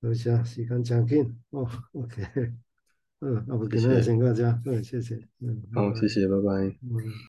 等一下，時間爭緊，哦、oh,，OK，嗯，阿吳建呢，先到這裡，嗯，謝謝，嗯，好，謝謝，好，拜拜。謝謝，拜拜，嗯。